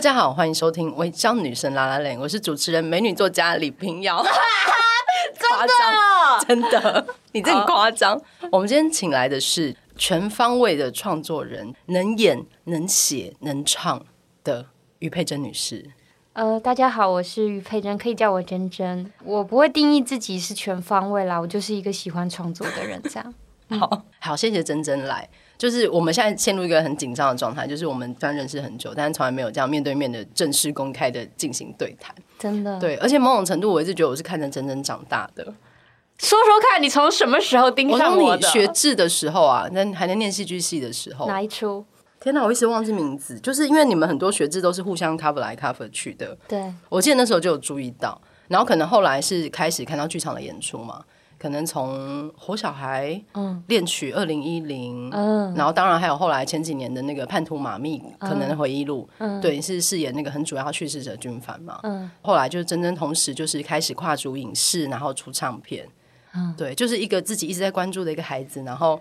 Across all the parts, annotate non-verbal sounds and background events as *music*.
大家好，歡迎收聽《違章女生》lalaLand，我是主持人、美女作家李屏瑤，啊。真的 *laughs* 真的，你這真誇張！Oh. 我們今天請來的是全方位的創作人，能演、能寫、能唱的余佩真女士。呃，uh, 大家好，我是余佩真，可以叫我珍珍。我不會定義自己是全方位啦，我就是一個喜歡創作的人。這樣， *laughs* 好、嗯、好，謝謝珍珍來。就是我們現在陷入一個很緊張的狀態，就是我們雖然認識很久，但是從來沒有這樣面對面的正式公開的進行對談，真的。對，而且某種程度，我一直覺得我是看着真真長大的。說說看你從什麼時候盯上我的？我跟你學制的時候啊，那還在念戲劇系的時候。哪一出？天哪，啊，我一直忘記名字。就是因為你們很多學制都是互相 cover 來 cover 去的。對，我記得那時候就有注意到，然後可能後來是開始看到劇場的演出嘛。可能從活小孩、戀、嗯、曲二零一零，然後當然還有後來前幾年的那個叛徒馬密可能的回憶錄，嗯、對，是飾演那個很主要去世者君凡嘛，嗯、後來就是真真同時就是開始跨足影視，然後出唱片，嗯、對，就是一個自己一直在關注的一個孩子，然後。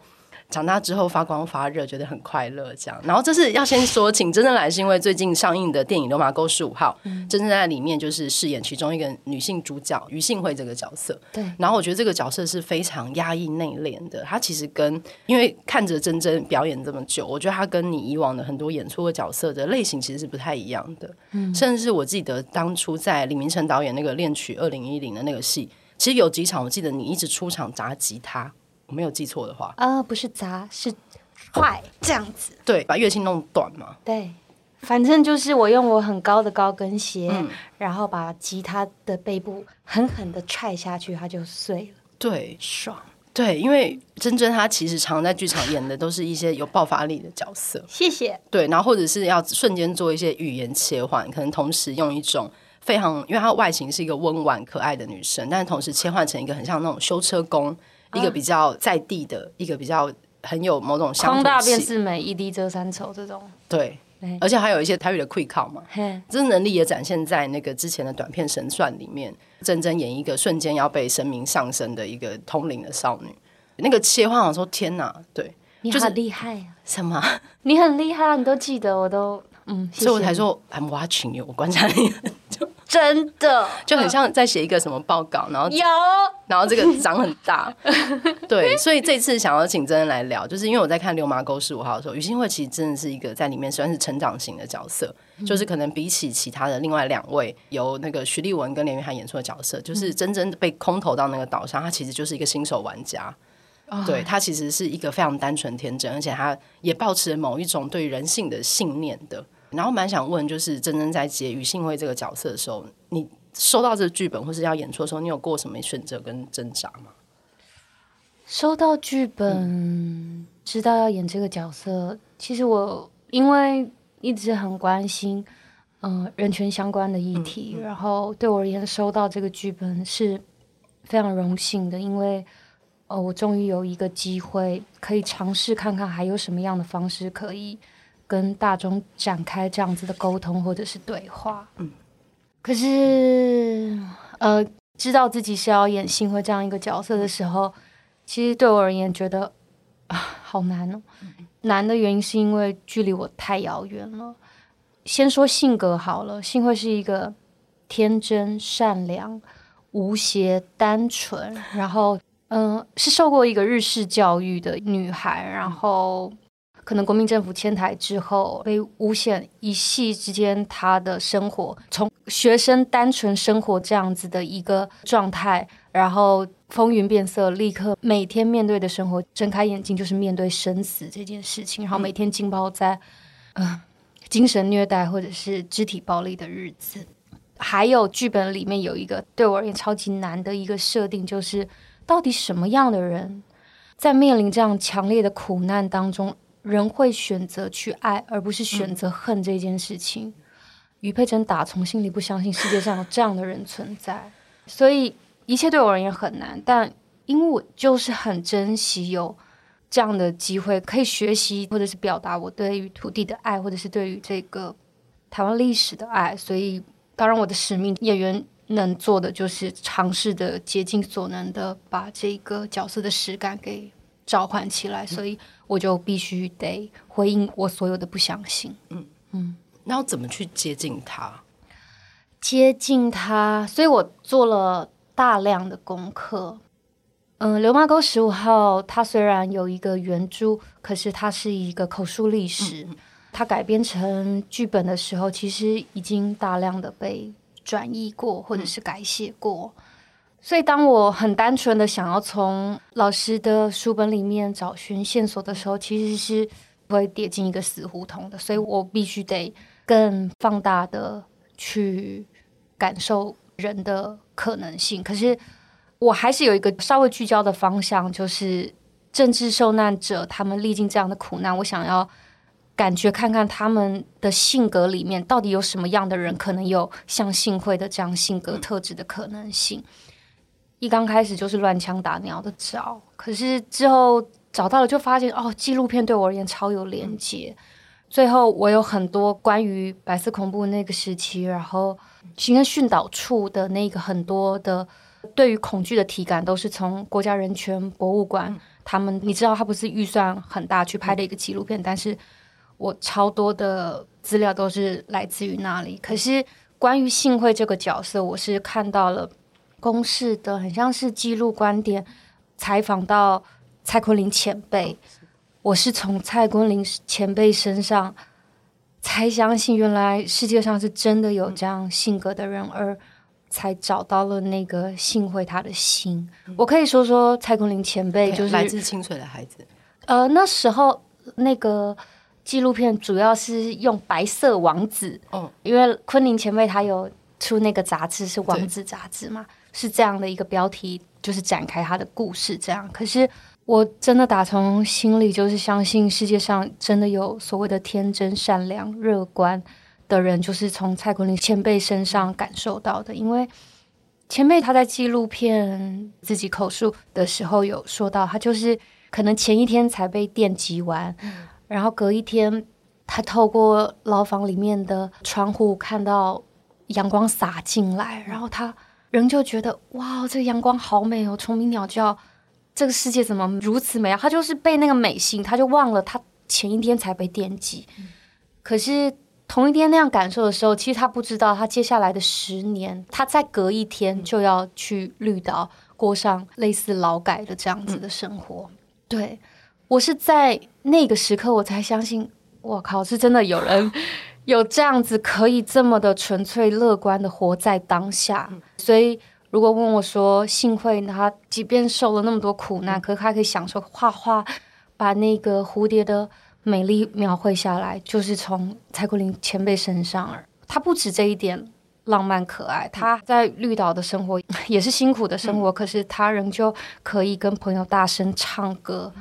長大之後發光發熱，覺得很快樂，這樣。然後這是要先說，請真真來，是因為最近上映的電影《流麻溝十五號》嗯，真真在裡面就是飾演其中一個女性主角余杏惠。這個角色。對。然後我覺得這個角色是非常壓抑內斂的。她其實跟因為看着真真表演這麼久，我覺得她跟你以往的很多演出的角色的類型其實是不太一樣的。嗯。甚至是我記得當初在李銘宸導演那個戀曲二零一零的那個戲，其實有幾場我記得你一直出場砸吉他。我沒有記錯的話啊、嗯，不是砸是壞。這樣子。對，把樂器弄斷嘛。對，反正就是我用我很高的高跟鞋，嗯、然後把吉他的背部狠狠的踹下去，它就碎了。對，爽。對，因為真真她其實常在劇場演的都是一些有爆發力的角色。謝謝。對，然後或者是要瞬間做一些語言切換，可能同時用一種非常，因為她外形是一個溫婉可愛的女生，但同時切換成一個很像那種修車工。一個比較在地的，啊、一個比較很有某種鄉土氣，大便是美，嗯、一滴遮三醜這種。對，欸、而且還有一些台語的 quick 考嘛，這嘿能力也展現在那個之前的短片《神算》裡面，真正，正演一個瞬間要被神明上身的一個通靈的少女，那個切換，我說天哪、啊，對，你好厲害啊！什麼、就是？你很厲害，你都記得，我都嗯，謝謝，所以我才說 I'm watching you，我觀察你。 *laughs* 真的就很像在寫一個什麼報告，然後有，然後這個長很大， *laughs* 對，所以這次想要請真真來聊，就是因為我在看《流麻溝十五號》的時候，余杏惠其實真的是一個在裡面算是成長型的角色，嗯、就是可能比起其他的另外兩位，由那個徐麗雯跟連俞涵演出的角色，就是真正被空投到那個島上，他其實就是一個新手玩家，嗯、對，他其實是一個非常單純天真，而且他也保持了某一種對人性的信念的。然後蠻想問，就是真正在接余杏惠這個角色的時候，你收到這個劇本或是要演出的時候，你有過什麼選擇跟掙扎嗎？收到劇本，嗯、知道要演這個角色，其實我因為一直很關心嗯、呃、人權相關的議題，嗯嗯、然後對我而言，收到這個劇本是非常榮幸的，因為哦，我終於有一個機會可以嘗試看看還有什麼樣的方式可以。跟大眾展開這樣子的溝通或者是對話，嗯、可是呃，知道自己是要演杏惠這樣一個角色的時候，嗯、其實對我而言覺得啊，好難哦。難的原因是因為距離我太遙遠了。先說性格好了，杏惠是一個天真、善良、無邪、單純，然後嗯、呃，是受過一個日式教育的女孩，然後。嗯可能國民政府遷台之後被誣陷，一夕之間他的生活從學生單純生活這樣子的一個狀態，然後風雲變色，立刻每天面對的生活，睜開眼睛就是面對生死這件事情，然後每天浸泡在嗯、呃、精神虐待或者是肢體暴力的日子。還有劇本裡面有一個對我而言超級難的一個設定，就是到底什麼樣的人在面臨這樣強烈的苦難當中？人會選擇去愛，而不是選擇恨這件事情。余、嗯、佩真打從心裡不相信世界上有這樣的人存在， *laughs* 所以一切對我而言很難。但因為我就是很珍惜有這樣的機會，可以學習或者是表達我對於土地的愛，或者是對於這個台灣歷史的愛。所以當然，我的使命，演員能做的就是嘗試的竭盡所能的把這個角色的實感給。召喚起來，所以我就必須得回應我所有的不相信。嗯嗯，嗯，那要怎麼去接近他？接近他，所以我做了大量的功課。嗯，《流麻溝十五號》它雖然有一個原著，可是它是一個口述歷史，嗯、它改編成劇本的時候，其實已經大量的被轉譯過或者是改寫過。嗯所以，當我很單純的想要從老師的書本裡面找尋線索的時候，其實是不會跌進一個死胡同的。所以我必須得更放大的去感受人的可能性。可是，我還是有一個稍微聚焦的方向，就是政治受難者他們歷經這樣的苦難，我想要感覺看看他們的性格裡面到底有什麼樣的人可能有像杏惠的這樣性格特質的可能性。一剛開始就是亂槍打鳥的找，可是之後找到了就發現哦，紀錄片對我而言超有連接。嗯、最後我有很多關於白色恐怖那個時期，然後行政訓導處的那個很多的對於恐懼的體感，都是從國家人權博物館、嗯、他們，你知道他不是預算很大去拍的一個紀錄片，嗯、但是我超多的資料都是來自於那裡。可是關於幸會這個角色，我是看到了。公視的很像是紀錄觀點，採訪到蔡坤林前輩。我是從蔡坤林前輩身上才相信，原來世界上是真的有這樣性格的人，嗯、而才找到了那個杏惠他的心。嗯、我可以說說蔡坤林前輩，就是來自清水的孩子。呃，那時候那個紀錄片主要是用白色王子，嗯、因為坤林前輩他有出那個雜誌，是王子雜誌嘛。是這樣的一個標題，就是展開他的故事，這樣。可是我真的打從心裡就是相信世界上真的有所謂的天真、善良、樂觀的人，就是從蔡坤林前輩身上感受到的。因為前輩他在紀錄片自己口述的時候有說到，他就是可能前一天才被電擊完，嗯、然後隔一天他透過牢房裡面的窗戶看到陽光灑進來，然後他人就覺得，哇，這個陽光好美哦，蟲鳴鳥叫，這個世界怎麼如此美啊？他就是被那個美性，他就忘了他前一天才被惦記。嗯、可是同一天那樣感受的時候，其實他不知道，他接下來的十年，他再隔一天就要去綠島過、嗯、上類似勞改的這樣子的生活。嗯、對，我是在那個時刻，我才相信，我靠，是真的有人。 *laughs* 有這樣子可以這麼的純粹樂觀的活在當下，嗯、所以如果問我說，杏惠呢，他即便受了那麼多苦難，嗯、可他可以享受畫畫，把那個蝴蝶的美麗描繪下來，就是從蔡焜霖前輩身上而。他不止這一點，浪漫可愛。嗯、他在綠島的生活也是辛苦的生活，嗯、可是他仍舊可以跟朋友大聲唱歌。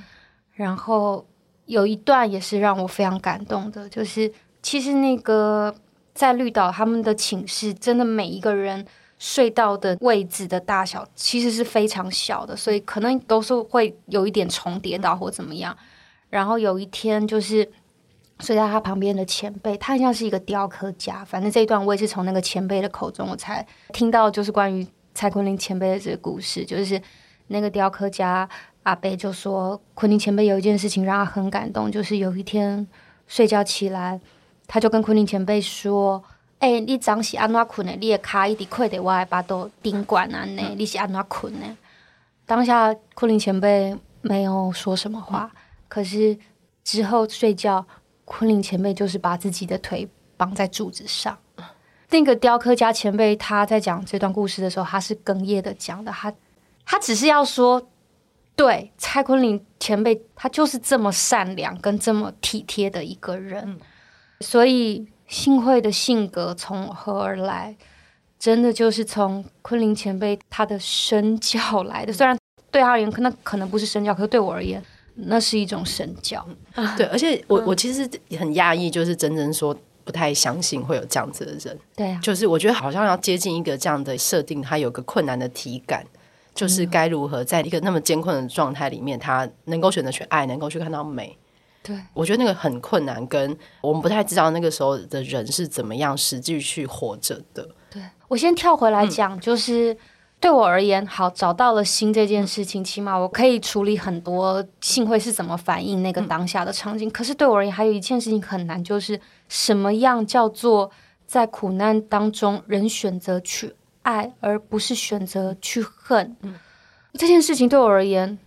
然後有一段也是讓我非常感動的，就是。其實那個在綠島他們的寢室，真的每一個人睡到的位置的大小其實是非常小的，所以可能都是會有一點重疊到或怎麼樣。然後有一天就是睡在他旁邊的前輩，他好像是一個雕刻家，反正這一段我也是從那個前輩的口中我才聽到，就是關於蔡坤林前輩的這個故事，就是那個雕刻家阿伯就說，坤林前輩有一件事情讓他很感動，就是有一天睡覺起來。他就跟焜霖前輩說：“哎、欸，你長時安怎捆的？你的腳一直跨在我的巴肚頂管安呢？嗯、你是安怎捆的？”當下，焜霖前輩沒有說什麼話，嗯、可是之後睡覺，焜霖前輩就是把自己的腿綁在柱子上。嗯、那個雕刻家前輩他在講這段故事的時候，他是哽咽的講的，他他只是要說，對蔡焜霖前輩，他就是這麼善良跟這麼體貼的一個人。所以，杏惠的性格從何而來？真的就是從昆凌前輩他的身教來的。雖然對他而言，那可能不是身教，可是對我而言，那是一種身教。嗯、對，而且我、嗯、我其實很訝異，就是真真說不太相信會有這樣子的人。對啊，就是我覺得好像要接近一個這樣的設定，他有個困難的體感，就是該如何在一個那麼艱困的狀態裡面，他能夠選擇去愛，能夠去看到美。對，我覺得那個很困難，跟我們不太知道那個時候的人是怎麼樣實際去活着的。對，我先跳回來講，嗯、就是對我而言，好找到了心這件事情，起碼我可以處理很多性會是怎麼反應那個當下的場景。嗯、可是對我而言，還有一件事情很難，就是什麼樣叫做在苦難當中人選擇去愛，而不是選擇去恨。嗯、這件事情對我而言，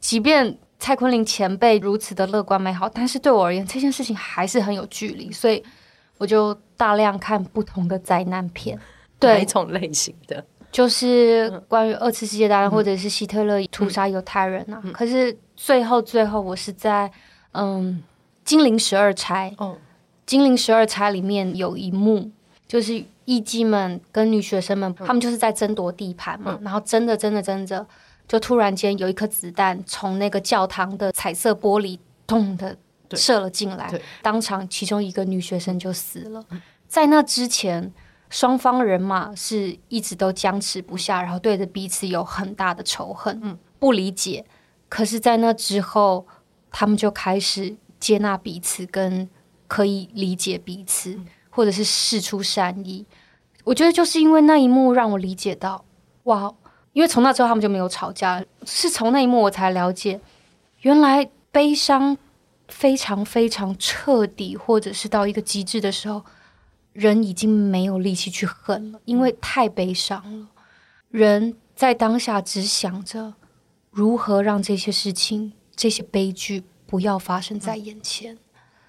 即便，蔡坤林前輩如此的樂觀美好，但是對我而言，這件事情還是很有距離，所以我就大量看不同的災難片。對，哪一種類型的？就是關於二次世界大戰，嗯、或者是希特勒屠殺猶太人啊。嗯嗯、可是最後，最後，我是在嗯《金陵十二釵》。嗯，《金陵十二釵》哦、二裡面有一幕，就是藝妓們跟女學生們，嗯、他們就是在爭奪地盤嘛，嗯、然後爭着爭着爭着。就突然間有一顆子彈從那個教堂的彩色玻璃咚的射了進來，當場其中一個女學生就死了。在那之前，雙方人馬是一直都僵持不下，然後對着彼此有很大的仇恨，嗯，不理解。可是，在那之後，他們就開始接納彼此，跟可以理解彼此，或者是釋出善意。我覺得就是因為那一幕讓我理解到，哇。因為從那之後，他們就沒有吵架，是從那一幕我才了解，原來悲傷非常非常徹底，或者是到一個極致的時候，人已經沒有力氣去恨了，因為太悲傷了。人在當下只想着如何讓這些事情、這些悲劇不要發生在眼前。嗯。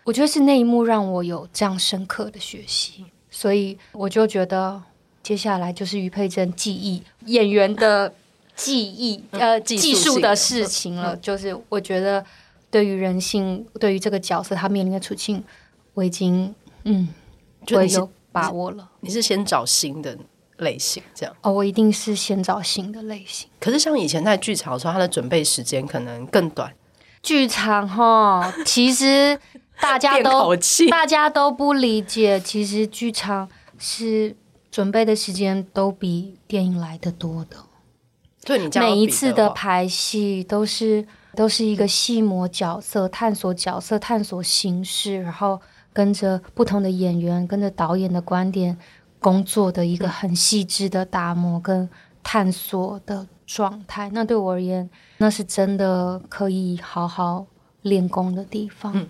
我覺得是那一幕讓我有這樣深刻的學習，所以我就覺得。接下來就是余佩珍記憶演員的記憶 *laughs* 呃技術的事情了，嗯、就是我覺得對於人性，對於這個角色他面臨的處境，我已經嗯，就我有把握了你。你是先找新的類型這樣？哦，我一定是先找新的類型。可是像以前在劇場的時候，他的準備時間可能更短。劇場哈，其實大家都 *laughs* 口氣 大家都不理解，其實劇場是。準備的時間都比電影來得多的，每一次的排戲都是都是一個戲磨角色、探索角色、探索形式，然後跟着不同的演員、跟着導演的觀點工作的一個很細緻的打磨跟探索的狀態。那對我而言，那是真的可以好好練功的地方。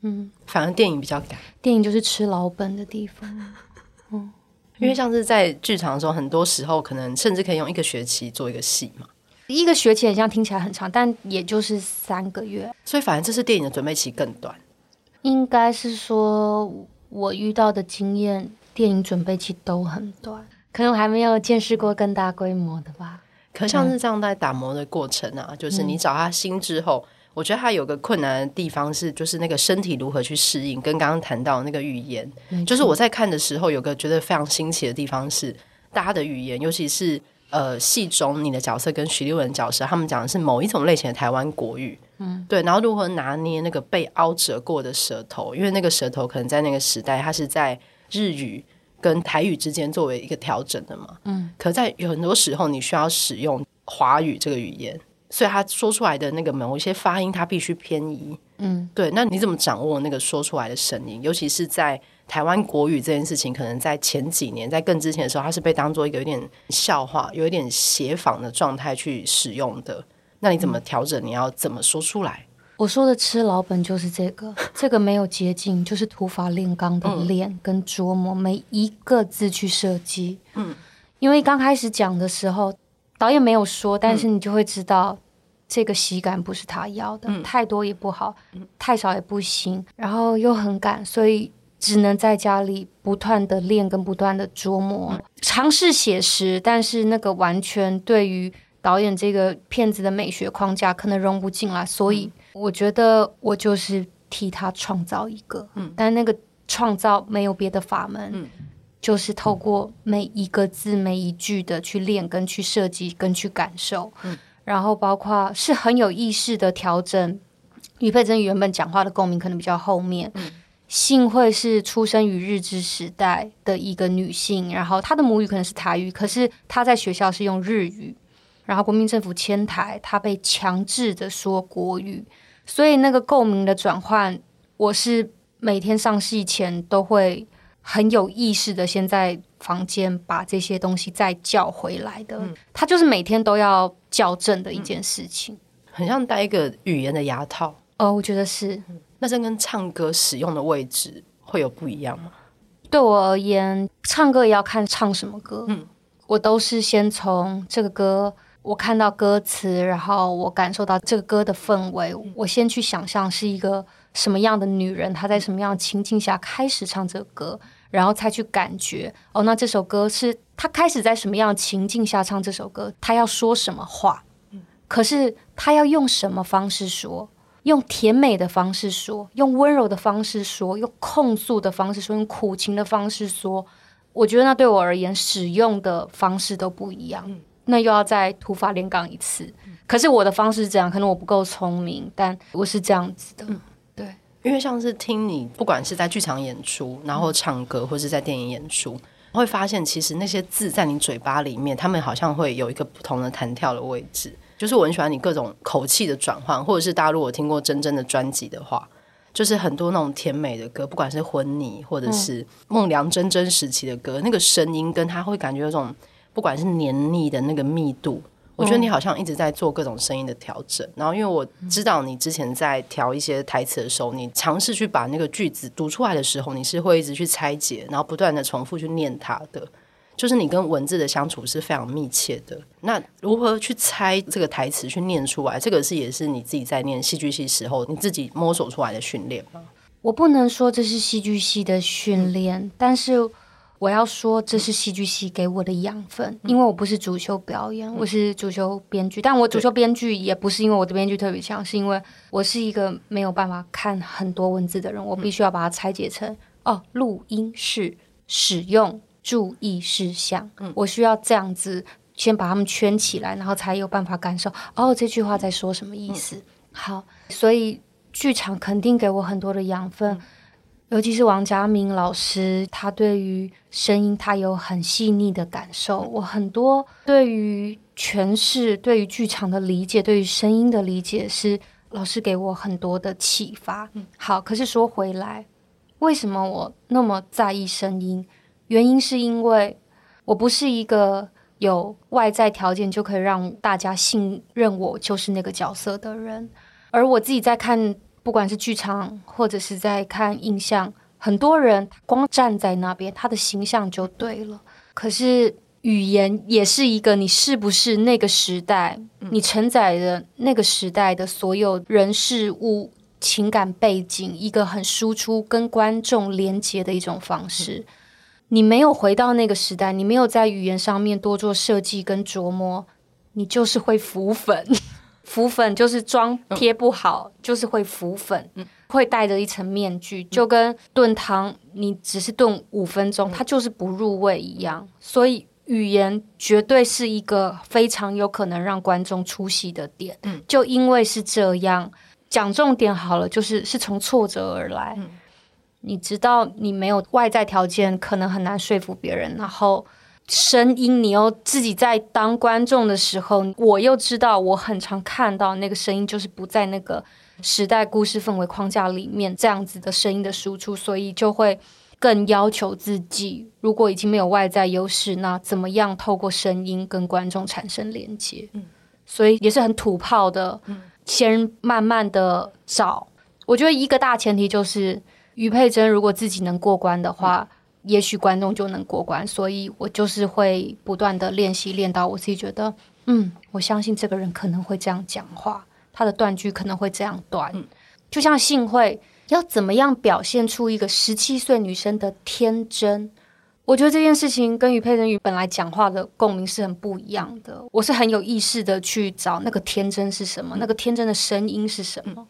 嗯，反正電影比較趕，電影就是吃老本的地方。因為像是在劇場的時候，很多時候可能甚至可以用一個學期做一個戲嘛。一個學期很像聽起來很長，但也就是三個月。所以反正這是電影的準備期更短。應該是說我遇到的經驗，電影準備期都很短。可能我還沒有見識過更大規模的吧。可是像是這樣在打磨的過程啊，就是你找他心之後。嗯我覺得他有個困難的地方是，就是那個身體如何去適應，跟剛剛談到的那個語言，沒錯。就是我在看的時候有個覺得非常新奇的地方是，大家的語言，尤其是呃戲中你的角色跟徐麗雯的角色，他們講的是某一種類型的台灣國語，嗯，對，然後如何拿捏那個被凹折過的舌頭，因為那個舌頭可能在那個時代，它是在日語跟台語之間作為一個調整的嘛，嗯，可在有很多時候你需要使用華語這個語言。所以他說出來的那個某一些發音，他必須偏移。嗯，對。那你怎麼掌握那個說出來的聲音？尤其是在台灣國語這件事情，可能在前幾年，在更之前的時候，它是被當做一個有點笑話，有一點諧仿的狀態去使用的。那你怎麼調整？你要怎麼說出來？我說的吃老本就是這個， *laughs* 這個沒有捷徑，就是土法煉鋼的練跟琢磨每一個字去設計。嗯，因為剛開始講的時候。導演沒有說，但是你就會知道，這個喜感不是他要的，嗯、太多也不好，嗯、太少也不行，然後又很趕，所以只能在家裡不斷的練，跟不斷的琢磨，嘗試寫實，但是那個完全對於導演這個片子的美學框架可能融不進來，所以我覺得我就是替他創造一個，嗯、但那個創造沒有別的法門，嗯。就是透過每一個字、嗯、每一句的去練，跟去設計，跟去感受，嗯、然後包括是很有意識的調整。余佩真原本講話的共鳴可能比較後面，杏惠、嗯、是出生於日治時代的一個女性，然後她的母語可能是台語，可是她在學校是用日語，然後國民政府遷台，她被強制的說國語，所以那個共鳴的轉換，我是每天上戲前都會。很有意識的，先在房間把這些東西再叫回來的，嗯、他就是每天都要校正的一件事情。嗯、很像戴一個語言的牙套。哦，我覺得是。嗯、那這跟唱歌使用的位置會有不一樣嗎？對我而言，唱歌也要看唱什麼歌。嗯，我都是先從這個歌，我看到歌詞，然後我感受到這個歌的氛圍，我先去想象是一個。什麼樣的女人，她在什麼樣的情境下開始唱這首歌，然後才去感覺哦？那這首歌是她開始在什麼樣的情境下唱這首歌？她要說什麼話？嗯，可是她要用什麼方式說？用甜美的方式說？用溫柔的方式說？用控訴的方式說？用苦情的方式說？我覺得那對我而言，使用的方式都不一樣。嗯，那又要再突發靈感一次。嗯，可是我的方式是這樣，可能我不夠聰明，但我是這樣子的。嗯。因為像是聽你，不管是在劇場演出，然後唱歌，或是在電影演出，會發現其實那些字在你嘴巴裡面，他們好像會有一個不同的彈跳的位置。就是我很喜歡你各種口氣的轉換，或者是大家如果聽過真真的專輯的話，就是很多那種甜美的歌，不管是婚禮或者是孟良真真時期的歌，嗯、那個聲音跟他會感覺有種，不管是黏膩的那個密度。我覺得你好像一直在做各種聲音的調整，然後因為我知道你之前在調一些台詞的時候，你嘗試去把那個句子讀出來的時候，你是會一直去拆解，然後不斷的重複去念它的，就是你跟文字的相處是非常密切的。那如何去猜這個台詞去念出來？這個是也是你自己在念戲劇系時候你自己摸索出來的訓練嗎？我不能說這是戲劇系的訓練，嗯，但是。我要說，這是戲劇系給我的養分，因為我不是主修表演，我是主修編劇。但我主修編劇也不是因為我的編劇特別強，是因為我是一個沒有辦法看很多文字的人，我必須要把它拆解成哦，錄音室使用注意事項，嗯，我需要這樣子先把它們圈起來，然後才有辦法感受哦這句話在說什麼意思。好，所以劇場肯定給我很多的養分。尤其是王嘉明老師，他對於聲音，他有很細膩的感受。我很多對於詮釋、對於劇場的理解、對於聲音的理解，是老師給我很多的啟發。嗯，好。可是說回來，為什麼我那麼在意聲音？原因是因為我不是一個有外在條件就可以讓大家信任我就是那個角色的人，而我自己在看。不管是劇場，或者是在看印象，很多人光站在那邊，他的形象就對了。可是語言也是一個，你是不是那個時代，嗯、你承載的那個時代的所有人事物情感背景，一個很輸出跟觀眾連接的一種方式。嗯、你沒有回到那個時代，你沒有在語言上面多做設計跟琢磨，你就是會浮粉。浮粉就是妝貼不好，嗯、就是會浮粉，嗯、會戴着一層面具，嗯、就跟燉湯你只是燉五分鐘，嗯、它就是不入味一樣。所以語言絕對是一個非常有可能讓觀眾出戲的點。嗯、就因為是這樣，講重點好了，就是是從挫折而來。嗯、你知道你沒有外在條件，可能很難說服別人，然後。聲音，你又自己在當觀眾的時候，我又知道我很常看到那個聲音，就是不在那個時代故事氛圍框架裡面這樣子的聲音的輸出，所以就會更要求自己。如果已經沒有外在優勢，那怎麼樣透過聲音跟觀眾產生連接？嗯，所以也是很土炮的。先慢慢的找。我覺得一個大前提就是，余佩真，如果自己能過關的話。嗯也許觀眾就能過關，所以我就是會不斷的練習，練到我自己覺得，嗯，嗯，我相信這個人可能會這樣講話，他的斷句可能會這樣斷。嗯、就像杏惠，要怎麼樣表現出一個十七歲女生的天真？我覺得這件事情跟余佩真與本來講話的共鳴是很不一樣的。我是很有意識的去找那個天真是什麼，嗯、那個天真的聲音是什麼？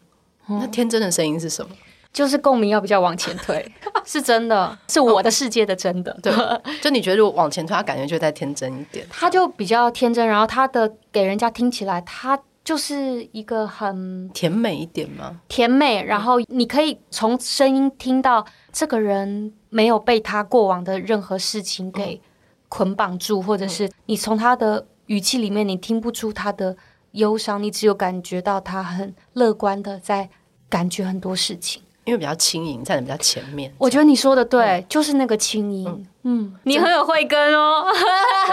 那天真的聲音是什麼？嗯就是共鳴要比較往前推， *laughs* 是真的是我的世界的真的、oh. 對，就你覺得如果往前推，他感覺就再天真一點，他就比較天真，然後他的給人家聽起來，他就是一個很甜美一點嗎？甜美，然後你可以從聲音聽到這個人沒有被他過往的任何事情給捆綁住，嗯、或者是你從他的語氣裡面，你聽不出他的憂傷，你只有感覺到他很樂觀的在感覺很多事情。因為比較輕盈，站得比較前面。我覺得你說的對，嗯、就是那個輕盈。嗯，嗯，你很有慧根哦。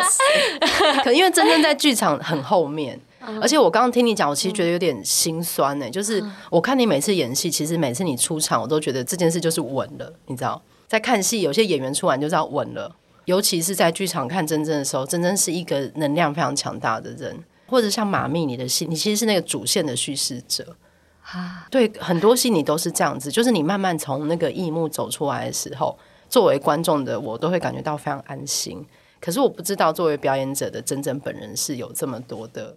*laughs* 可因為真真在劇場很後面，嗯、而且我剛剛聽你講，我其實覺得有點心酸呢、欸。嗯、就是我看你每次演戲，其實每次你出場，我都覺得這件事就是穩了，你知道？在看戲，有些演員出完就知道穩了，尤其是在劇場看真真的時候，真真是一個能量非常強大的人，或者像馬密你的戲，你其實是那個主線的敘事者。 *noise* 對，很多戲你都是這樣子，就是你慢慢從那個一幕走出來的時候，作為觀眾的我都會感覺到非常安心。可是我不知道，作為表演者的真正本人是有這麼多的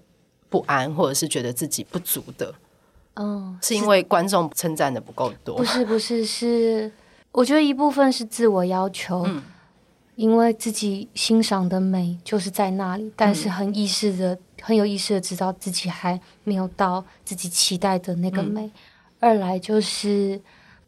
不安，或者是覺得自己不足的。嗯，是，是因為觀眾稱讚的不夠多？不是，不是，是我覺得一部分是自我要求，嗯、因為自己欣賞的美就是在那裡，嗯、但是很意識的。很有意識的知道自己還沒有到自己期待的那個美。嗯、二來就是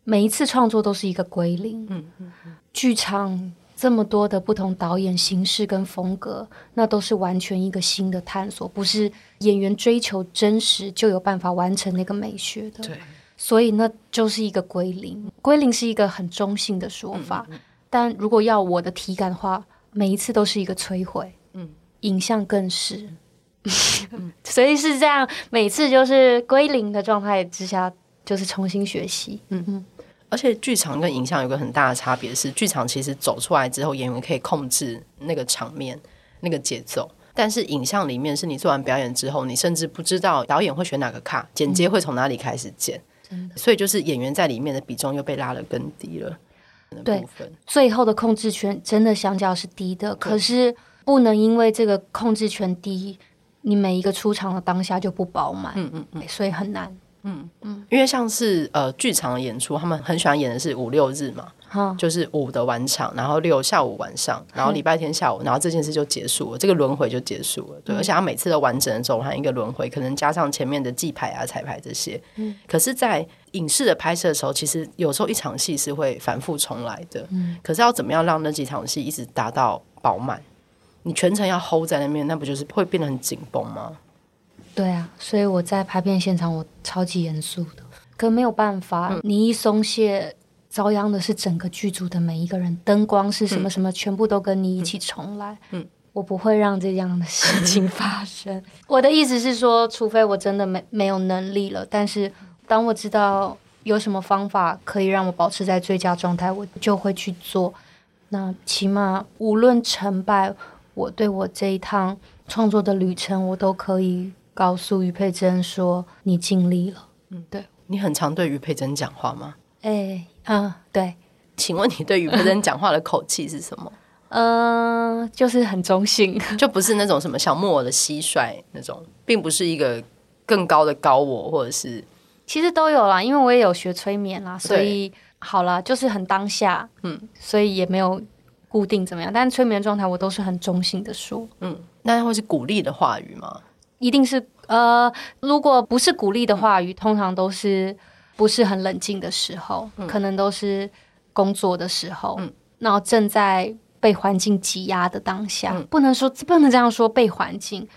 每一次創作都是一個歸零。嗯嗯嗯、劇場這麼多的不同導演形式跟風格，那都是完全一個新的探索，嗯、不是演員追求真實就有辦法完成那個美學的。對所以那就是一個歸零。歸零是一個很中性的說法，嗯嗯、但如果要我的體感的話，每一次都是一個摧毀。嗯、影像更是。嗯 *laughs* 嗯、所以是這樣，每次就是歸零的狀態之下，就是重新學習。嗯嗯。而且劇場跟影像有個很大的差別是，劇場其實走出來之後，演員可以控制那個場面、那個節奏。但是影像裡面，是你做完表演之後，你甚至不知道導演會選哪個卡，剪接會從哪裡開始剪。的所以就是演員在裡面的比重又被拉得更低了。對。部分最後的控制權真的相較是低的，對可是不能因為這個控制權低。你每一個出場的當下就不飽滿，嗯，嗯嗯嗯，所以很難，嗯嗯，嗯嗯因為像是呃劇場的演出，他們很喜歡演的是五六日嘛，哦、就是五的晚場，然後六下午晚上，然後禮拜天下午，嗯、然後這件事就結束了，這個輪迴就結束了，對，嗯、而且他每次都完整的走完一個輪迴，可能加上前面的技排啊、彩排這些，嗯，可是，在影視的拍攝的時候，其實有時候一場戲是會反覆重來的，嗯，可是要怎麼樣讓那幾場戲一直達到飽滿？你全程要 hold 在那面，那不就是會變得很緊繃嗎？對啊，所以我在拍片現場，我超級嚴肅的，可沒有辦法，嗯、你一鬆懈，遭殃的是整個劇組的每一個人，燈光是什麼什麼，全部都跟你一起重來。嗯，我不會讓這樣的事情發生。 *laughs* 我的意思是說，除非我真的沒沒有能力了，但是當我知道有什麼方法可以讓我保持在最佳狀態，我就會去做。那起碼無論成敗，我對我這一趟創作的旅程，我都可以告訴余佩真說，你盡力了。嗯，對。你很常對余佩真講話嗎？哎、欸，嗯、啊，對。請問你對余佩真講話的口氣是什麼？嗯、 *laughs* 呃，就是很中性， *laughs* 就不是那種什麼小木偶的蟋蟀那種，並不是一個更高的高我，或者是其實都有啦，因為我也有學催眠啦，所以對好啦，就是很當下，嗯，所以也沒有。固定怎麼樣？但是催眠狀態，我都是很中性的說。嗯，那會是鼓勵的話語嗎？一定是。呃，如果不是鼓勵的話語，通常都是不是很冷靜的時候，嗯、可能都是工作的時候。嗯，那正在被環境擠壓的當下，嗯、不能說不能這樣說被環境。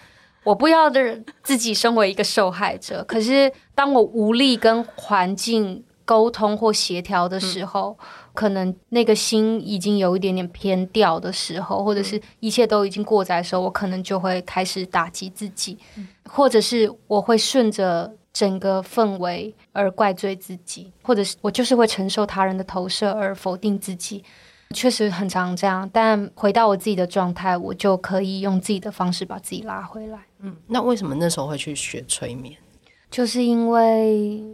我不要的人自己身為一個受害者， *laughs* 可是當我無力跟環境。溝通或協調的時候，嗯、可能那個心已經有一點點偏掉的時候，或者是一切都已經過載的時候，我可能就會開始打擊自己，嗯、或者是我會順着整個氛圍而怪罪自己，或者是我就是會承受他人的投射而否定自己，確實很常這樣。但回到我自己的狀態，我就可以用自己的方式把自己拉回來。嗯，那為什麼那時候會去學催眠？就是因為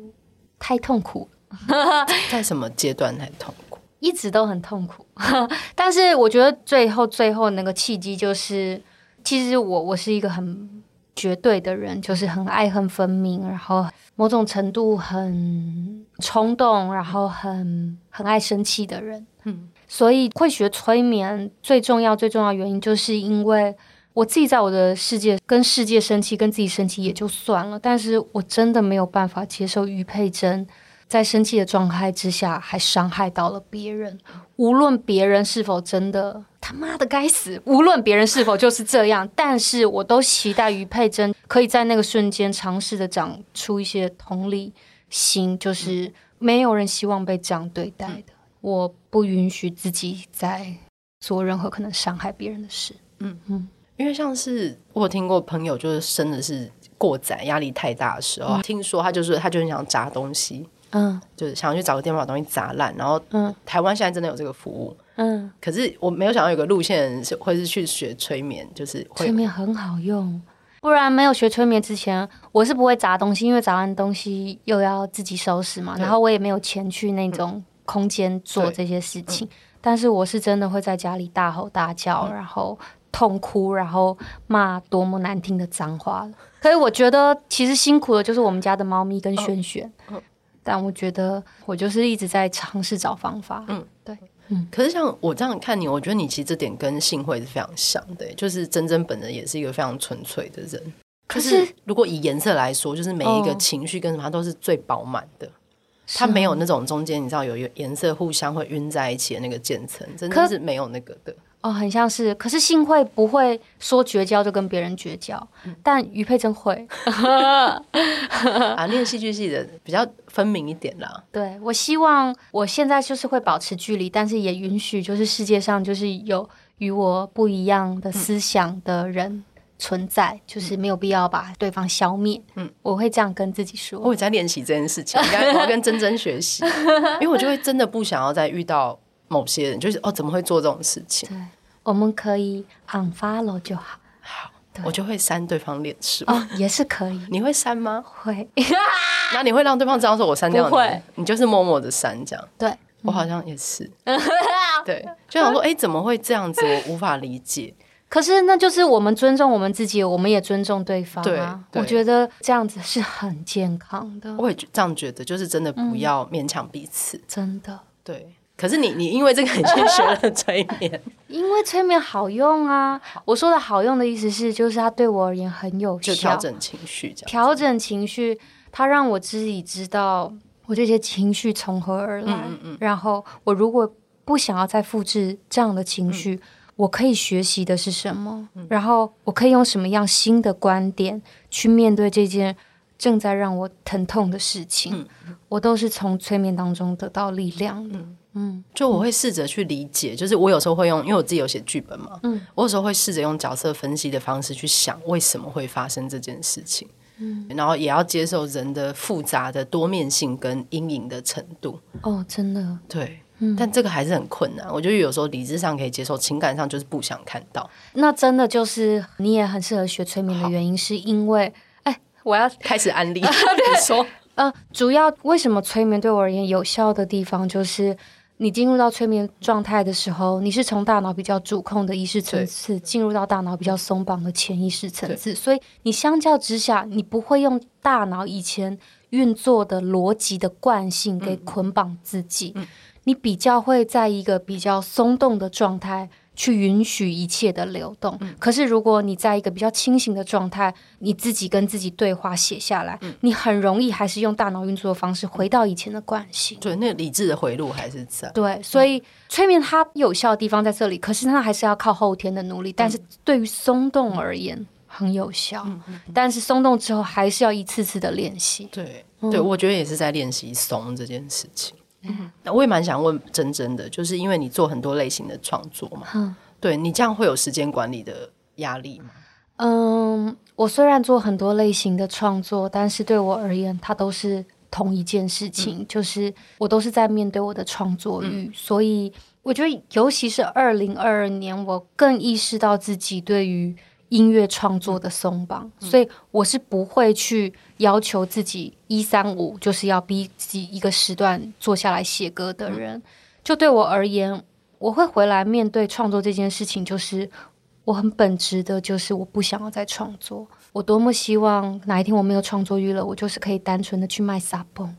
太痛苦了。 *laughs* 在什麼階段才痛苦？一直都很痛苦， *laughs* 但是我覺得最後最後那個契機就是，其實我我是一個很絕對的人，就是很愛恨分明，然後某種程度很衝動，然後很很愛生氣的人。嗯。所以會學催眠最重要、最重要，最重要原因，就是因為我自己在我的世界跟世界生氣，跟自己生氣也就算了，但是我真的沒有辦法接受余佩真。在生氣的狀態之下，還傷害到了別人。無論別人是否真的他媽的該死，無論別人是否就是這樣， *laughs* 但是我都期待余佩真可以在那個瞬間嘗試着長出一些同理心。就是沒有人希望被這樣對待的，嗯、我不允許自己再做任何可能傷害別人的事。嗯嗯，因為像是我有聽過朋友就是真的是過載壓力太大的時候，嗯、聽說他就是他就很想砸東西。嗯，就是想要去找個地方把東西砸爛，然後，嗯，台灣現在真的有這個服務，嗯，可是我沒有想到有個路線是會是去學催眠，就是催眠很好用，不然沒有學催眠之前，我是不會砸東西，因為砸完東西又要自己收拾嘛，嗯、然後我也沒有錢去那種空間做這些事情，嗯嗯、但是我是真的會在家裡大吼大叫，嗯、然後痛哭，然後罵多麼難聽的髒話，嗯、可所以我覺得其實辛苦的就是我們家的貓咪跟軒軒。嗯嗯但我覺得我就是一直在嘗試找方法。嗯，對，嗯。可是像我這樣看你，我覺得你其實這點跟杏惠是非常像的，欸，就是真真本人也是一個非常純粹的人。可是，可是如果以顏色來說，就是每一個情緒跟什麼，哦，它都是最飽滿的，哦，它沒有那種中間你知道有顏色互相會暈在一起的那個漸層，真的是沒有那個的。可嗯哦，很像是，可是杏惠不會說絕交就跟別人絕交，嗯、但余佩真會 *laughs* 啊，念戲劇系的比較分明一點啦。對，我希望我現在就是會保持距離，但是也允許就是世界上就是有與我不一樣的思想的人存在，嗯、就是沒有必要把對方消滅。嗯，我會這樣跟自己說。我在練習這件事情，應該我要跟珍珍學習， *laughs* 因為我就會真的不想要再遇到。某些人就是哦，怎麼會做這種事情？對，我們可以 unfollow 就好。好，我就會刪對方臉書。哦，也是可以。你會刪嗎？會。那你會讓對方這樣說？我刪掉你，你就是默默的刪這樣。對我好像也是。對，就想說，哎，怎麼會這樣子？我無法理解。可是，那就是我們尊重我們自己，我們也尊重對方。對，我覺得這樣子是很健康的。我也這樣覺得，就是真的不要勉強彼此。真的，對。可是你，你因為這個已經學了催眠， *laughs* 因為催眠好用啊！我說的好用的意思是，就是它對我而言很有效。調整情緒，調整情緒，它讓我自己知道我這些情緒從何而來，然後我如果不想要再複製這樣的情緒，我可以學習的是什麼，然後我可以用什麼樣新的觀點去面對這件正在讓我疼痛的事情，我都是從催眠當中得到力量的。嗯，就我會試着去理解，就是我有時候會用，因為我自己有寫劇本嘛，嗯，我有時候會試着用角色分析的方式去想為什麼會發生這件事情，嗯，然後也要接受人的複雜的多面性跟陰影的程度。哦，真的，對，但這個還是很困難。我覺得有時候理智上可以接受，情感上就是不想看到。那真的就是你也很適合學催眠的原因，是因為，哎，我要開始安利。你說，嗯，主要為什麼催眠對我而言有效的地方就是。你進入到催眠狀態的時候，你是從大腦比較主控的意識層次對進入到大腦比較鬆綁的潛意識層次，對所以你相較之下，你不會用大腦以前運作的邏輯的慣性給捆綁自己，嗯，你比較會在一個比較鬆動的狀態。去允許一切的流動。嗯、可是如果你在一個比較清醒的狀態，你自己跟自己對話寫下來，嗯、你很容易還是用大腦運作的方式回到以前的關係。對，那個、理智的回路還是在。對，所以催眠它有效的地方在這裡，可是它還是要靠後天的努力。嗯、但是對於鬆動而言、嗯、很有效，嗯嗯、但是鬆動之後還是要一次次的練習。對，嗯、對我覺得也是在練習鬆這件事情。嗯，我也蠻想問真真的，就是因為你做很多類型的創作嘛，嗯、對你這樣會有時間管理的壓力嗎？嗯，我雖然做很多類型的創作，但是對我而言，它都是同一件事情，嗯、就是我都是在面對我的創作慾，嗯、所以我覺得，尤其是二零二二年，我更意識到自己對於。音樂創作的鬆綁，嗯、所以我是不會去要求自己一三五就是要逼自己一個時段坐下來寫歌的人。嗯、就對我而言，我會回來面對創作這件事情，就是我很本質的，就是我不想要再創作。我多麼希望哪一天我沒有創作欲了，我就是可以單純的去賣沙泵。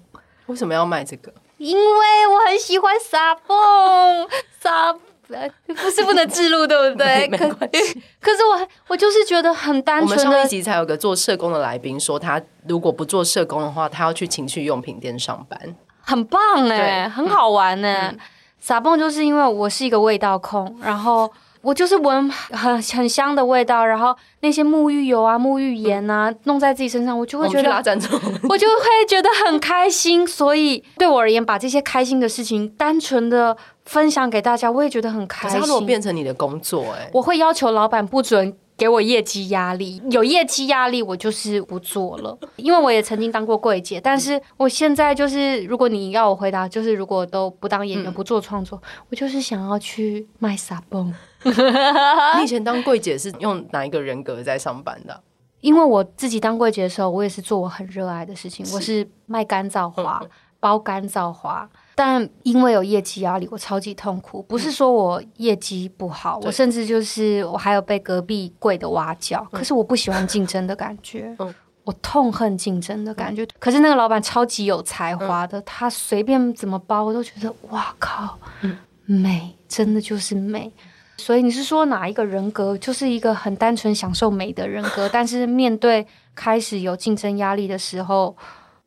為什麼要賣這個？因為我很喜歡沙泵。沙。 *laughs* 不 *laughs* 是不能置入， *laughs* 對不對？沒、沒關係。可，可是我我就是覺得很單純。 *laughs* 我們上一集才有個做社工的來賓說，他如果不做社工的話，他要去情趣用品店上班，很棒哎、欸，對很好玩呢、欸。嗯、撒蹦就是因為我是一個味道控，然後。我就是聞很很香的味道，然後那些沐浴油啊、沐浴鹽啊，嗯、弄在自己身上，我就會覺得，哦、我就會覺得很開心。 *laughs* 所以對我而言，把這些開心的事情單純的分享給大家，我也覺得很開心。可是如果變成你的工作、欸，哎，我會要求老闆不准給我業績壓力，有業績壓力我就是不做了。 *laughs* 因為我也曾經當過櫃姐，但是我現在就是，如果你要我回答，就是如果都不當演員、不做創作，嗯、我就是想要去賣撒蹦。 *laughs* 你以前當櫃姐是用哪一個人格在上班的？啊？因為我自己當櫃姐的時候，我也是做我很熱愛的事情。是我是賣乾燥花、包乾燥花，嗯、但因為有業績壓力，我超級痛苦。不是說我業績不好，嗯、我甚至就是我還有被隔壁櫃的挖角。嗯、可是我不喜歡競爭的感覺，嗯、我痛恨競爭的感覺。嗯、可是那個老板超級有才華的，嗯、他隨便怎麼包，我都覺得哇靠，嗯、美真的就是美。所以你是說哪一個人格，就是一個很單純享受美的人格？ *laughs* 但是面對開始有競爭壓力的時候，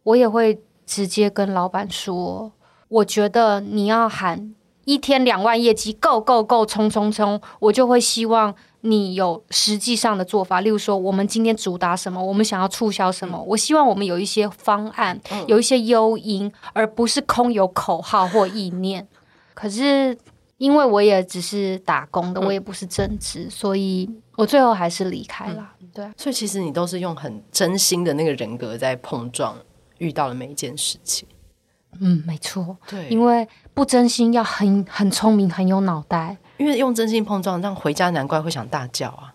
我也會直接跟老闆說：“我覺得你要喊一天兩萬業績，夠夠夠，衝衝衝！”我就會希望你有實際上的做法。例如說，我們今天主打什麼？我們想要促銷什麼？嗯、我希望我們有一些方案，嗯、有一些誘因，而不是空有口號或意念。 *laughs* 可是。因為我也只是打工的，我也不是正職，嗯、所以我最後還是離開了。嗯、對、啊，所以其實你都是用很真心的那個人格在碰撞，遇到了每一件事情。嗯，沒錯。對，因為不真心要很很聰明很有腦袋，因為用真心碰撞，讓回家難怪會想大叫啊。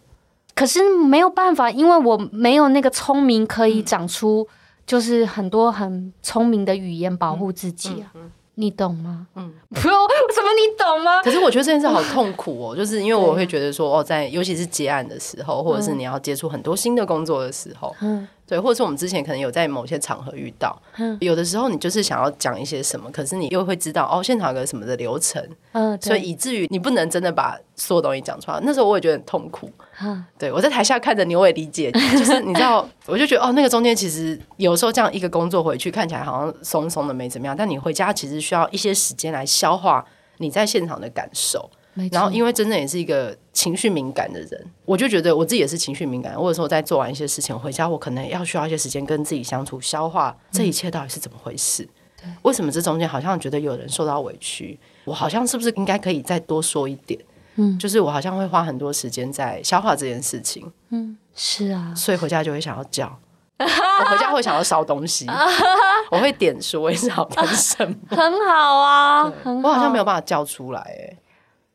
可是沒有辦法，因為我沒有那個聰明，可以長出就是很多很聰明的語言保護自己啊。嗯嗯嗯你懂嗎？嗯，不用， *laughs* 什麼你懂嗎？可是我覺得這件事好痛苦哦、喔，哇 就是因為我會覺得說，哦對、喔，在尤其是結案的時候，或者是你要接觸很多新的工作的時候，嗯嗯對，或者說我們之前可能有在某些場合遇到，嗯、有的時候你就是想要講一些什麼，可是你又會知道哦，現場有個什麼的流程，嗯，對，所以以至於你不能真的把所有東西講出來。那時候我也覺得很痛苦，嗯、對，我在台下看着你，我也理解，就是你知道， *laughs* 我就覺得哦，那個中間其實有時候這樣一個工作回去看起來好像鬆松的沒怎麼樣，但你回家其實需要一些時間來消化你在現場的感受。然後，因為真正也是一個情緒敏感的人，我就覺得我自己也是情緒敏感。或者說，在做完一些事情回家，我可能要需要一些時間跟自己相處，消化、嗯、這一切到底是怎麼回事？對，為什麼這中間好像覺得有人受到委屈？我好像是不是應該可以再多說一點？嗯，就是我好像會花很多時間在消化這件事情。嗯，是啊，所以回家就會想要叫， *laughs* 我回家會想要燒東西， *laughs* 我會點說，我也想要什麼？ *laughs* 很好啊，對好我好像沒有辦法叫出來、欸，哎。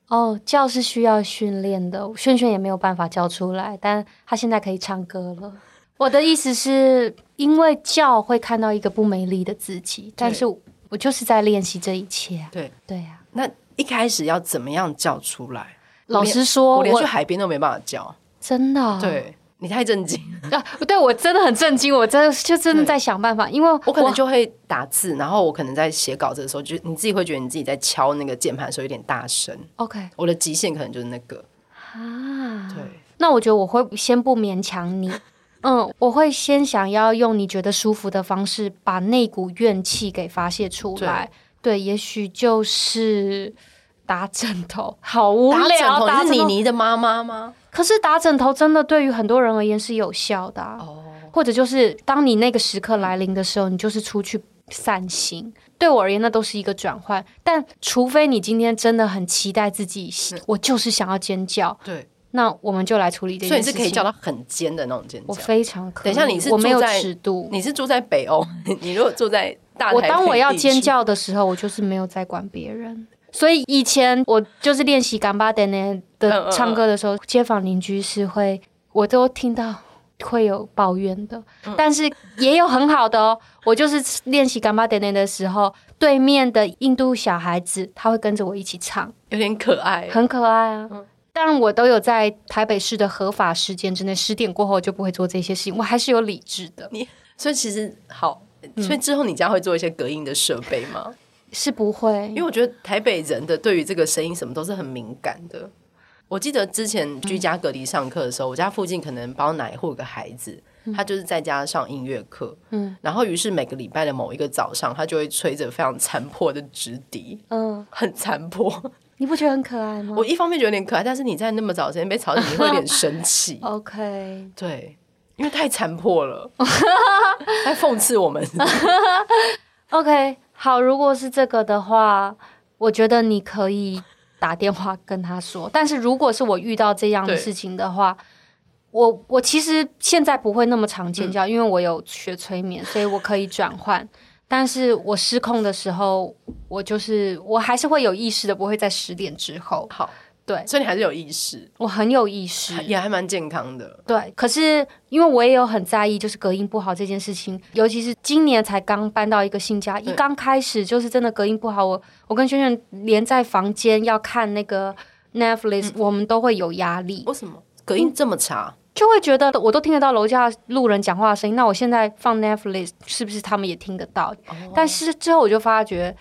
哦，叫是需要訓練的，軒軒也沒有辦法叫出來，但他現在可以唱歌了。 *laughs* 我的意思是因為叫會看到一個不美麗的自己，對但是我，我就是在練習這一切啊。對，對啊。那一開始要怎麼樣叫出來？老實說，我連去海邊都沒辦法叫，真的。對。你太震驚啊！對，我真的很震驚，我真的就真的在想辦法，對因為我，我可能就會打字，然後我可能在寫稿子的時候，就你自己會覺得你自己在敲那個鍵盤的時候有點大聲。OK，我的極限可能就是那個啊。對，那我覺得我會先不勉強你， *laughs* 嗯，我會先想要用你覺得舒服的方式把那股怨氣給發洩出來。對，對，也許就是打枕頭，好無聊。打枕頭，打枕頭。你是妮妮的媽媽嗎？可是打枕頭真的對於很多人而言是有效的啊，oh. 或者就是當你那個時刻來臨的時候，你就是出去散心。對我而言，那都是一個轉換。但除非你今天真的很期待自己，嗯、我就是想要尖叫。對，那我們就來處理這件事情。所以你是可以叫他很尖的那種尖叫。我非常可……等一下，你是在我沒有尺度？你是住在北歐？ *laughs* 你如果住在大……我當我要尖叫的時候， *laughs* 我就是沒有在管別人。所以以前我就是練習甘巴點點的唱歌的時候，街坊鄰居是會，我都聽到會有抱怨的。但是也有很好的哦，我就是練習甘巴點點的時候，對面的印度小孩子他會跟着我一起唱，有點可愛，很可愛啊。但我都有在台北市的合法時間之內，十點過後就不會做這些事情，我還是有理智的。你所以其實好，所以之後你家會做一些隔音的設備嗎？嗯是不會，因為我覺得台北人的對於這個聲音什麼都是很敏感的。我記得之前居家隔離上課的時候，我家附近可能包奶戶有個孩子，他就是在家上音樂課，嗯，然後於是每個禮拜的某一個早上，他就會吹着非常殘破的直笛，嗯，很殘破，你不覺得很可愛嗎？我一方面覺得有點可愛，但是你在那麼早時間被吵醒你會有點生氣。 *laughs* OK，對，因為太殘破了，在諷 *laughs* 刺我們。 *laughs* OK。好，如果是這個的話，我覺得你可以打電話跟他說。但是如果是我遇到這樣的事情的話，對我我其實現在不會那麼常尖叫，嗯、因為我有學催眠，所以我可以轉換。 *laughs* 但是我失控的時候，我就是我還是會有意識的，不會在十點之後。好。對，所以你還是有意識，我很有意識，也還蠻健康的。對，可是因為我也有很在意，就是隔音不好這件事情。尤其是今年才剛搬到一個新家，對一剛開始就是真的隔音不好。我我跟軒軒連在房間要看那個 Netflix，嗯、我們都會有壓力。為什麼隔音這麼差、嗯？就會覺得我都聽得到樓下路人講話的聲音。那我現在放 Netflix，是不是他們也聽得到？哦、但是之後我就發覺，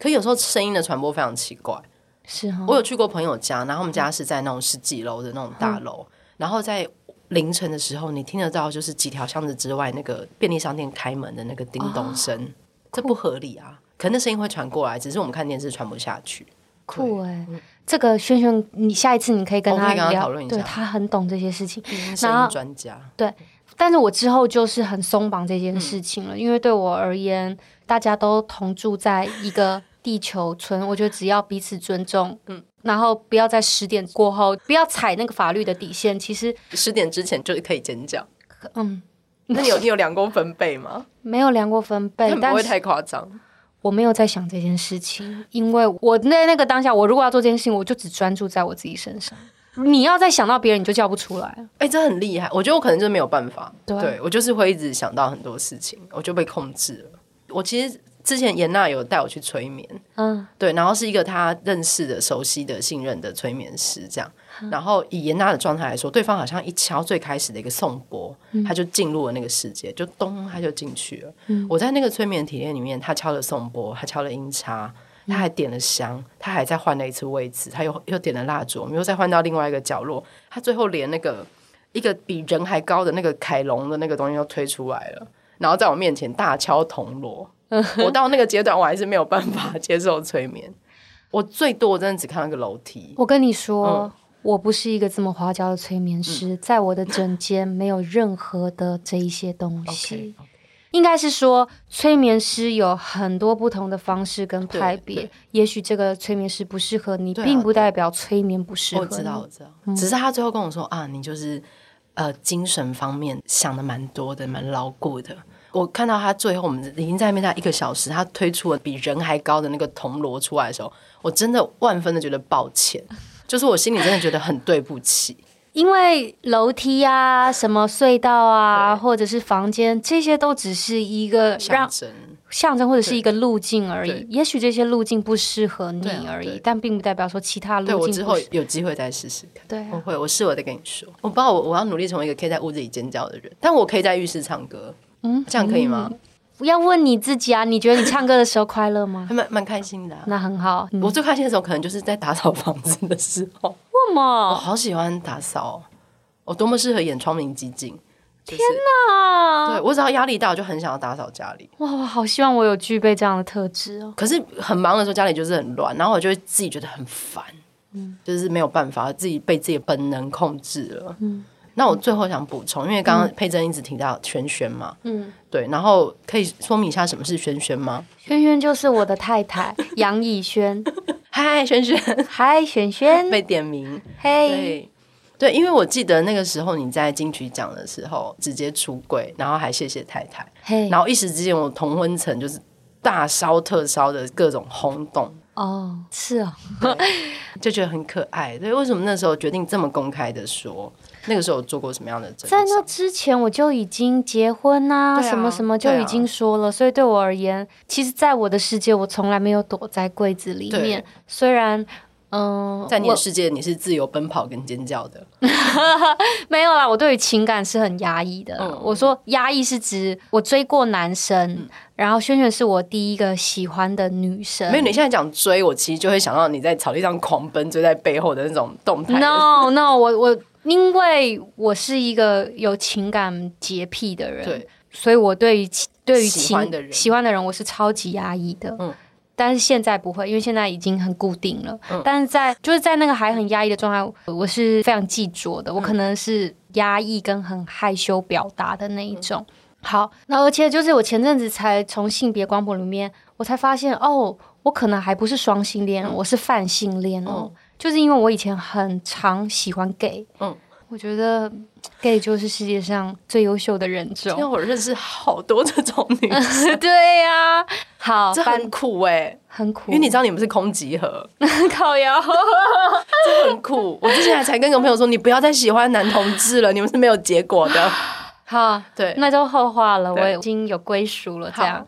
可以有時候聲音的傳播非常奇怪。是我有去過朋友家，然後我們家是在那種十幾樓的那種大樓，嗯、然後在凌晨的時候，你聽得到就是幾條巷子之外那個便利商店開門的那個叮咚聲，啊、這不合理啊，酷可能那聲音會傳過來，只是我們看電視傳不下去。酷，哎、欸，這個軒軒，你下一次你可以跟他討論、嗯 okay, 下對他很懂這些事情，聲音專家。對，但是我之後就是很鬆綁這件事情了，嗯、因為對我而言，大家都同住在一個。 *laughs* 地球村，我覺得只要彼此尊重，嗯，然後不要在十點過後，不要踩那個法律的底線。其實十點之前就可以尖叫，嗯。那你有 *laughs* 你有量過分貝嗎？沒有量過分貝，但不會太誇張。我沒有在想這件事情， *laughs* 因為我在那個當下，我如果要做這件事情，我就只專注在我自己身上。你要再想到別人，你就叫不出來。哎、欸，這很厲害。我覺得我可能真的沒有辦法。對,對，我就是會一直想到很多事情，我就被控制了。我其實。之前顏訥有帶我去催眠，嗯，對，然後是一個她認識的、熟悉的、信任的催眠師這樣。嗯、然後以顏訥的狀態來說，對方好像一敲最開始的一個頌缽，他就進入了那個世界，就咚，他就進去了。嗯、我在那個催眠體驗裡面，他敲了頌缽，他敲了音叉，他還點了香，嗯、他還在換了一次位置，他又又點了蠟燭，我們又再換到另外一個角落。他最後連那個一個比人還高的那個凱龍的那個東西都推出來了，然後在我面前大敲銅鑼。 *laughs* 我到那個階段，我還是沒有辦法接受催眠。我最多我真的只看到一個樓梯。我跟你說，嗯、我不是一個這麼花俏的催眠師，嗯、在我的診間沒有任何的這一些東西。 *laughs* okay, okay 應該是說，催眠師有很多不同的方式跟派別。也許這個催眠師不適合你，啊、並不代表催眠不適合你。我知道，我知道。嗯、只是他最後跟我說啊，你就是呃精神方面想得蠻多的，蠻牢固的。我看到他最後，我們已經在那面待一個小時。他推出了比人還高的那個銅鑼出來的時候，我真的萬分的覺得抱歉，就是我心裡真的覺得很對不起。因為樓梯啊、什麼隧道啊，對或者是房間，這些都只是一個象徵徵，象徵或者是一個路徑而已。也許這些路徑不適合你而已，啊、但並不代表說其他路徑對。對，我之後有機會再試試看。對、啊，我會，我試，我再跟你說。我不知道，我我要努力成為一個可以在屋子裡尖叫的人，但我可以在浴室唱歌。嗯，這樣可以嗎？嗯嗯？要問你自己啊，你覺得你唱歌的時候快樂嗎？蠻蠻 *laughs* 開心的、啊，那很好。嗯、我最開心的時候，可能就是在打掃房子的時候。為什麼？我好喜歡打掃，我多麼適合演窗明幾淨。就是、天哪！對，我只要壓力大，我就很想要打掃家裡。哇，我好希望我有具備這樣的特質哦。可是很忙的時候，家裡就是很亂，然後我就會自己覺得很煩。嗯，就是沒有辦法，自己被自己的本能控制了。嗯。那我最後想補充，因為剛剛佩真一直提到萱萱嘛，嗯，對，然後可以說明一下什麼是萱萱嗎？萱萱就是我的太太楊藝萱。嗨， *laughs* 萱萱，嗨，萱萱，被點名，嘿 Hey.，對，因為我記得那個時候你在金曲獎的時候直接出櫃，然後還謝謝太太，嘿，Hey. 然後一時之間我同婚層就是大燒特燒的各種轟動，oh, 哦，是哦，就覺得很可愛，對，為什麼那時候決定這麼公開的說？那個時候我做過什麼樣的？在那之前我就已經結婚吶、啊，啊、什麼什麼就已經說了，啊、所以對我而言，其實在我的世界，我從來沒有躲在櫃子裡面。對雖然，嗯、呃，在你的世界，你是自由奔跑跟尖叫的。 *laughs* 沒有啦，我對於情感是很壓抑的。嗯、我說壓抑是指我追過男生，嗯、然後萱萱是我第一個喜歡的女生。沒有，你現在講追我，其實就會想到你在草地上狂奔追在背後的那種動態。No No，我我。因為我是一個有情感潔癖的人，對所以我對於對於情喜歡的人，喜歡的人，我是超級壓抑的。嗯、但是現在不會，因為現在已經很固定了。嗯、但是在就是在那個還很壓抑的狀態，我是非常記着的。嗯、我可能是壓抑跟很害羞表達的那一種。嗯、好，那而且就是我前陣子才從性別光譜裡面，我才發現哦，我可能還不是雙性戀，嗯、我是泛性戀哦。嗯就是因為我以前很常喜歡 gay，嗯，我覺得 gay 就是世界上最優秀的人種。因為我認識好多這種女生， *laughs* 對呀、啊，好，這很酷哎、欸，很酷。因為你知道你們是空集合，靠腰 *laughs* 靠謠，真 *laughs* 很酷。我之前還才跟個朋友說，你不要再喜歡男同志了，你們是沒有結果的。好，對，那就後話了。對我已經有歸屬了，這樣。好，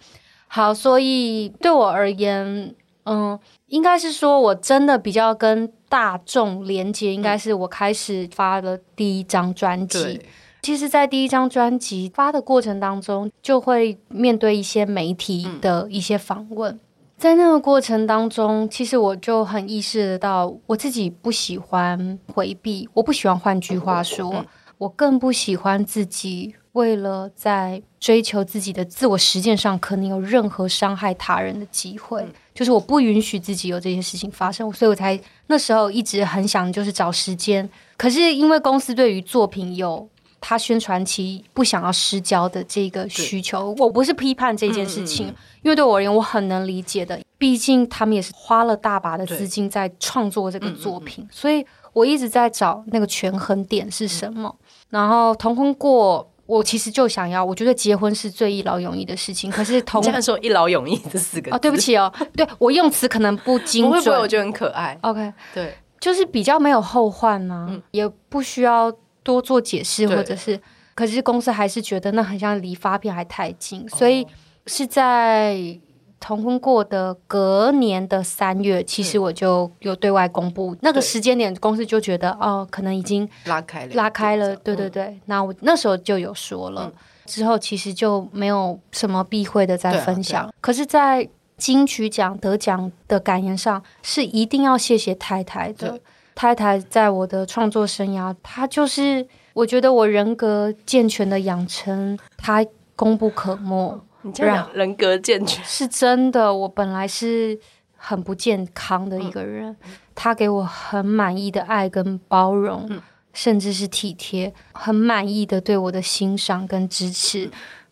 好，所以對我而言，嗯，應該是說我真的比較跟。大眾連接應該是我開始發的第一張專輯。嗯、其實，在第一張專輯發的過程當中，就會面對一些媒體的一些訪問。嗯、在那個過程當中，其實我就很意識得到，我自己不喜歡回避，我不喜歡。換句話說，嗯嗯、我更不喜歡自己為了在追求自己的自我實踐上，可能有任何傷害他人的機會。嗯就是我不允許自己有這件事情發生，所以我才那時候一直很想就是找時間，可是因為公司對於作品有他宣傳期不想要失焦的這個需求，對我不是批判這件事情，嗯嗯因為對我而言我很能理解的，畢竟他們也是花了大把的資金在創作這個作品，對所以我一直在找那個權衡點是什麼，嗯、然後通過。我其實就想要，我覺得結婚是最一勞永逸的事情。可是同，同樣說一勞永逸這四個字哦，對不起哦， *laughs* 對，我用詞可能不精準。我會不會我覺得很可愛？OK，對，就是比較沒有後患呢，啊嗯、也不需要多做解釋或者是。對可是公司還是覺得那很像離发片還太近，所以是在。Oh. 同婚過的隔年的三月，其實我就有對外公布，嗯、那個時間點，公司就覺得哦對、呃，可能已經拉開了，拉開了。對對對，嗯、那我那時候就有說了，嗯、之後其實就沒有什麼避諱的在分享。啊啊、可是，在金曲獎得獎的感言上，是一定要謝謝太太的。對太太在我的創作生涯，她就是我覺得我人格健全的養成，她功不可沒。 *laughs* 讓人格健全是真的。我本來是很不健康的一個人，嗯、他給我很滿意的愛跟包容，嗯、甚至是體貼，很滿意的對我的欣賞跟支持。嗯、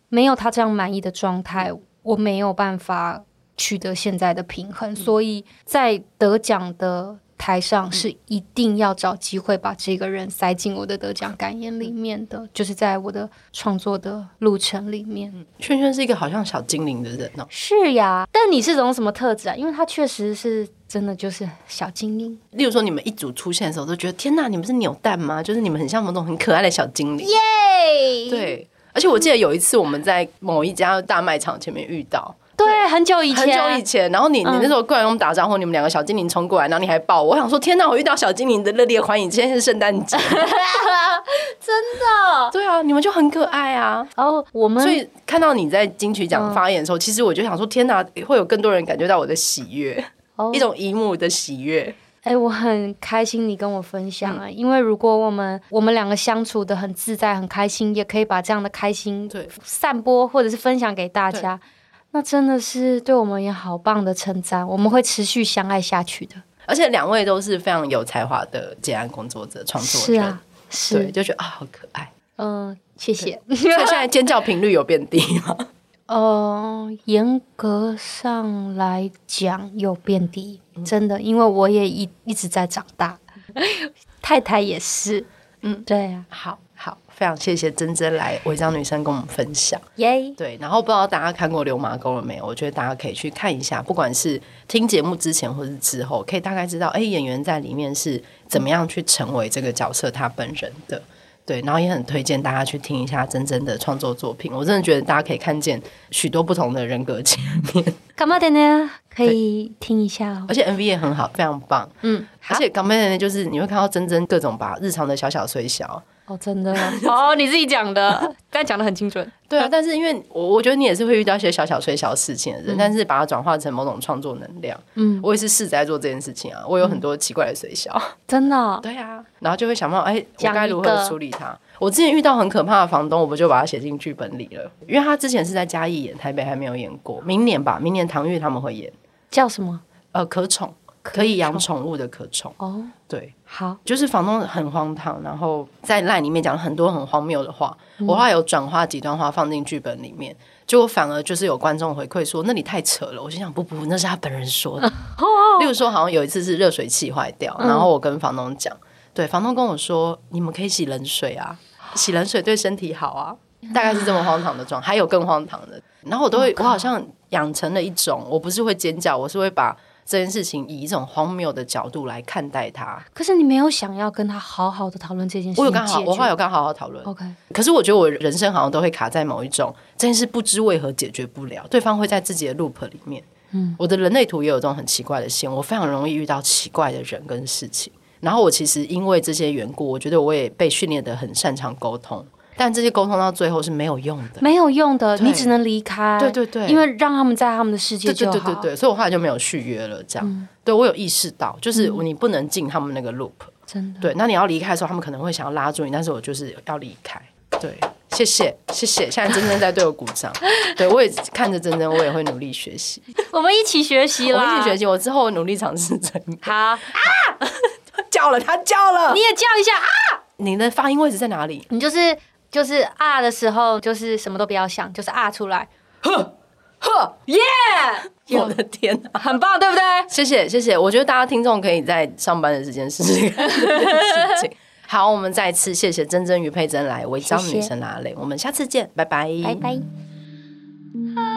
沒有他這樣滿意的狀態，嗯、我沒有辦法取得現在的平衡。嗯、所以在得獎的台上是一定要找機會把這個人塞進我的得獎感言裡面的，就是在我的創作的路程裡面。嗯，圈圈是一個好像小精靈的人呢、喔？是呀，但你是種什麼特質啊？因為他確實是真的就是小精靈。例如說你們一組出現的時候，都覺得天哪、啊，你們是扭蛋嗎？就是你們很像某種很可愛的小精靈。耶！Yay! 對，而且我記得有一次我們在某一家大賣場前面遇到。很久以前、啊，很久以前，然後你、嗯、你那時候過來跟我們打招呼，你們兩個小精靈衝過來，然後你還抱我，我想說天哪，我遇到小精靈的熱烈歡迎，今天是聖誕節， *laughs* 真的，對啊，你們就很可愛啊。然後、oh, 我們所以看到你在金曲獎發言的時候，oh. 其實我就想說天哪，會有更多人感覺到我的喜悅，oh. 一種姨母的喜悅。哎、欸，我很開心你跟我分享啊，嗯、因為如果我們我們兩個相處得很自在很開心，也可以把這樣的開心對散播對或者是分享給大家。那真的是對我們也好棒的稱讚，我們會持續相愛下去的。而且兩位都是非常有才華的結案工作者、創作者，是啊，是，對就覺得啊、哦，好可愛。嗯、呃，謝謝。所以現在尖叫頻率有變低嗎？嚴、 *laughs* 呃、格上來講有變低，嗯、真的，因為我也一一直在長大， *laughs* 太太也是，嗯，對、啊，好。非常謝謝珍珍來違章女生跟我們分享耶。Yeah. 對，然後不知道大家看過《流麻溝》了沒有？我覺得大家可以去看一下，不管是聽節目之前或者之後，可以大概知道，哎、欸，演員在裡面是怎麼樣去成為這個角色他本人的。對，然後也很推薦大家去聽一下珍珍的創作作品，我真的覺得大家可以看見許多不同的人格層面。幹嘛的呢，可以聽一下哦。而且 MV 也很好，非常棒。嗯好，而且剛妹的呢，就是你會看到珍珍各種把日常的小小碎小。哦，oh, 真的哦， *laughs* oh, 你自己講的， *laughs* 但講的很清楚，對啊， *laughs* 但是因為我我覺得你也是會遇到一些小小衰小事情的人，嗯、但是把它轉化成某種創作能量。嗯，我也是試着在做這件事情啊，我有很多奇怪的衰小，嗯 oh, 真的，喔。對啊，然後就會想辦法，哎、欸，我該如何處理它？我之前遇到很可怕的房東，我不就把它寫進劇本裡了？因為他之前是在嘉義演，台北還沒有演過。明年吧，明年唐鈺他們會演，叫什麼？呃，可寵。可以養寵物的可寵哦，對，好，就是房東很荒唐，然後在 LINE 裡面講很多很荒謬的話，嗯、我後來有轉化幾段話放進劇本裡面，結果反而就是有觀眾回饋說那裡太扯了，我心想不不，那是他本人說的。 *laughs* 例如說，好像有一次是熱水器壞掉，嗯、然後我跟房東講，對，房東跟我說，你們可以洗冷水啊，洗冷水對身體好啊，大概是這麼荒唐的狀態， *laughs* 還有更荒唐的，然後我都會，oh、God 我好像養成了一種，我不是會尖叫，我是會把這件事情以一種荒謬的角度來看待它，可是你沒有想要跟他好好的討論這件事情？我有剛好，我話有剛好好好討論。OK，可是我覺得我人生好像都會卡在某一種，這件事不知為何解決不了，對方會在自己的 loop 裡面。嗯，我的人類圖也有這種很奇怪的線，我非常容易遇到奇怪的人跟事情。然後我其實因為這些緣故，我覺得我也被訓練得很擅長溝通。但這些溝通到最後是沒有用的，沒有用的，你只能離開，對對對，因為讓他們在他們的世界就好，對對對對，所以我後來就沒有續約了。這樣，對，我有意識到，就是你不能進他們那個 loop。真的，對，那你要離開的時候，他們可能會想要拉住你，但是我就是要離開。對，謝謝謝謝，現在真真在對我鼓掌，對我也看着真真，我也會努力學習，我們一起學習啦，一起學習，我之後努力嘗試真。好啊，叫了，他叫了，你也叫一下啊！你的發音位置在哪裡？你就是。就是啊的時候，就是什麼都不要想，就是啊出來，呵呵耶！Yeah! *laughs* 我的天，啊，很棒，對不對？ *laughs* 謝謝謝謝，我覺得大家聽眾可以在上班的時間試試看。 *laughs* 好，我們再次謝謝珍珍與佩真來，違章女生 lalaLand，謝謝，我們下次見，拜拜，拜拜 Bye bye.、嗯。